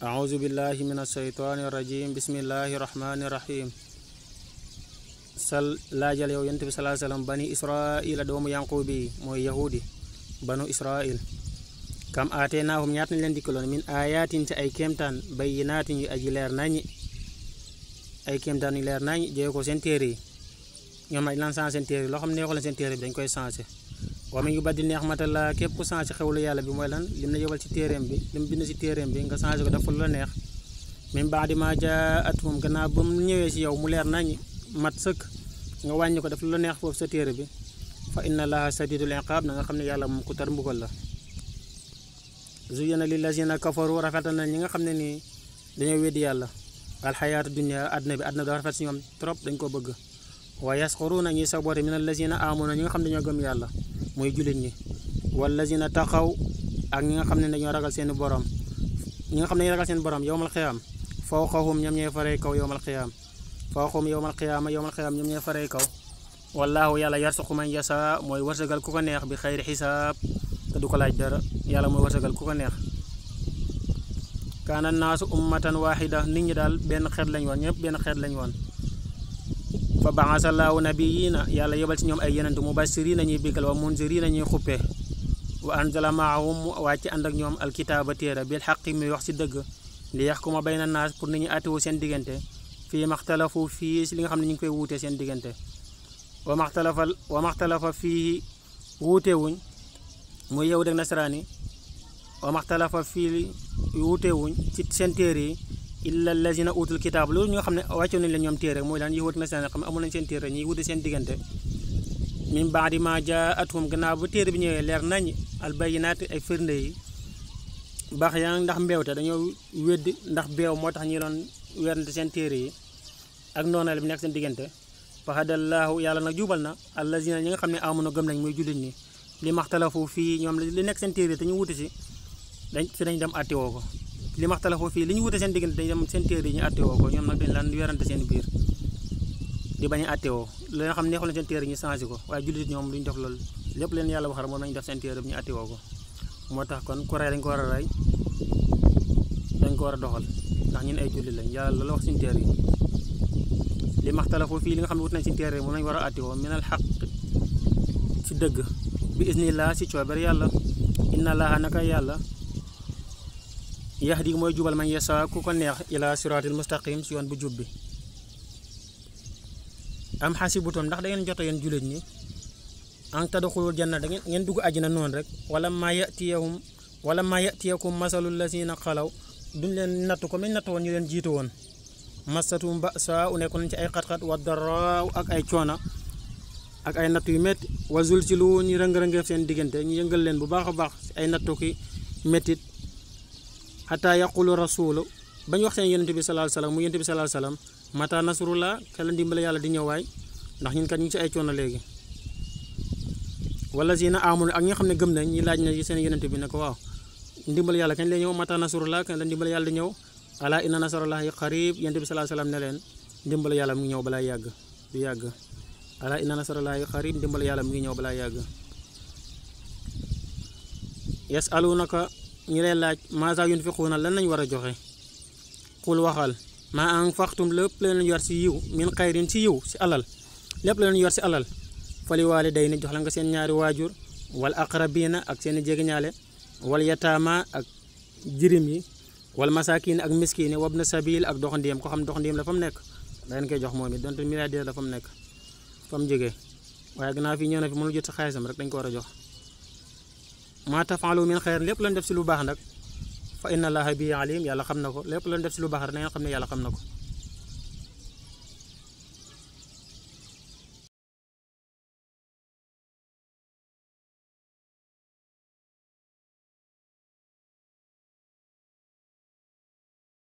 a بالله من الشيطان الرجيم بسم الله الرحمن الرحيم sal laajal yow yonent bi salaa salaam bani israila doomu yanqub bi mooy yahudi banu israil kam aateenaahum ñaat nañ leen dikkaloon min aayaatin ci ay kéemtaan bayyinaatin yu aji leer nañi ay kéemtaan yu leer nañi jëye ko seen yi ñoom ay lan saan seen téere yi loo xam neexu leen seen téere bi dañ koy sensé ngi neex mat yubadil ni'matallaa képp ku changé la yàlla bi mooy lan lim la yebal ci téeréem bi lim bind ci téeréem bi nga changé ko dafa lu la neex min ba'di maa jaa'athum gannaaw ba mu ñëwee ci yow mu leer nañ mat sëkk nga ko dafa lu la neex foofu sa téere bi fa inna allaha shadidul iqaab na nga xam ne yàlla moom ku tar mbugal la zuyyina lillazina kafaru rafetal na ñi nga xam ne nii dañoo weddi yàlla alxayaatu dunya àdduna bi àdduna bi dafa rafet si ñoom trop dañ ko bëgg wa yasxuruuna ñuy saboote min allazina aamanu ñi nga xam ne dañoo gëm yàlla mooy jullit ñi wallazina taxaw ak ñi nga xam ne dañoo ragal seen boroom ñi nga xam ne dañoo ragal seen borom yowmal xiyaam fawqahum ñoom ñooy faree kaw yowmal xiyaam fawqahum yowmal yow ma xiyaam ñoom ñooy faree kaw wallaahu yàlla yarsuqu man yasa mooy wërsëgal ku ko neex bi xayri xisaab te du ko laaj dara yàlla mooy wërsëgal ku ko neex kaana naasu ummatan waaxida nit ñi daal benn xeet lañ woon ñëpp benn xeet lañ woon fa baasallaahu nabiyina yàlla yebal ci ñoom ay yenent mubasirina ñuy béggal wa munzirina ñuy xuppe wa anzala maahum wàcc ànd ak ñoom alkitaaba téere bil xaqi mi wax si dëgg li bay na naas pour ni ñu àttewoo seen diggante fii maxtalafu fii si li nga xam ne ñu ngi koy wuutee seen diggante wa maxtalafa wa maxtalafa fii wuutewuñ muy yow deg nasaraani wa maxtalafa fii wuutewuñ ci seen téere yi illa allazina utul kitaab loolu ñoo xam ne wàccoon nañ la ñoom téere mooy daan yahuud nasaraan yoo xam ne amoon nañ seen téere ñuy wute seen diggante min baadi ma jaatuhum gannaaw téere bi ñëwee leer nañ albayinaat ay firnde yi baax yaa ndax mbeewte dañoo wedd ndax beew moo tax ñi doon werante seen téere yi ak noonale bi nekk seen diggante fahadallaahu yàlla nag jubal na allazina ñi nga xam ne amuna gëm nañ muy jullit ñi li maxtalafu fii ñoom li nekk seen téere te ñu wuti si dañ si dañ dem àttiwoo ko li maxtalafoo fii li ñu wute seen diggante dañu dem seen bañ a àttewoo li nga xam neexul seen téere yi ko waaye jullit ñoom duñ def loolu lépp leen yàlla waxal moom lañu def seen téere bi ñu àttewoo ko moo tax kon ku dañ ko war a rey dañ ko war a doxal ndax ñun ay jullit lañ yàlla la wax seen téere yi li maxtalafoo fii li nga xam ne wut nañ seen téere yi moom lañ war a àttewoo minal xaq dëgg bi isnillah ci coobere yàlla inna laaha naka yàlla yahdi mooy jubal ma yasa ku ko neex ila siraatil mustaqim si yoon bu jub bi am xasibutum ndax da ngeen jota yéen jullit ñi an tadxulul janna da ngeen dugg na noon rek wala ma yatiyahum wala ma masalu yatiyakum masalul na xalaw duñ leen natt ko meñ natt woon ñu leen jiitu woon masatum ba saa u nekkoon ci ay xat-xat wa daraaw ak ay coona ak ay natt yu mett wa lu ñu rëng-rëngee seen diggante ñu yëngal leen bu baax a baax ay nattu ki xataa yaqulu rasulu bañ waxteen yonente bi sallallahu alayhi wasallam mu yonente bi sallallahu alayhi wasallam mata nasrullah kala ndimbal yàlla di ñëw waay ndax ñun kat ñu ngi ci ay coono léegi wala zina amul ak ñi nga xam ne gëm nañ ñi laaj na seen yonente bi ne ko waaw ndimbal yàlla kañ lay ñëw mata nasrullah kañ la ndimbal yàlla di ñëw ala inna nasrullahi qarib yonente bi sallallahu alayhi wasallam ne leen ndimbal yàlla mu ngi ñëw balaa yàgg du yàgg ala inna nasrullahi qarib ndimbal yàlla mu ngi ñëw balaa yàgg ñu lay laaj maasaa yunfiquuna lan lañ war a joxe xul waxal maa anfaqtum lépp leen yor si yiw min xayrin si yiw si alal lépp leen yor si alal fali waalidayni jox la nga seen ñaari waajur wal aqrabiina ak seen i jegeñaale wal yataama ak jirim yi wal masaakiin ak miskiine wabna sabil ak doxandéem ko xam doxandéem la fa mu nekk dangeen koy jox moom it donte milliardaire la fa mu nekk fa mu jege waaye gannaaw fi ñëw na fi mënul jot sa xaalisam rek dañ ko war a jox maa tafaalu min xeyr lépp lan def si lu baax nag fa inna allaha bi alim yàlla xam na ko lépp lan def si lu baax rek na xam ne yàlla xam na ko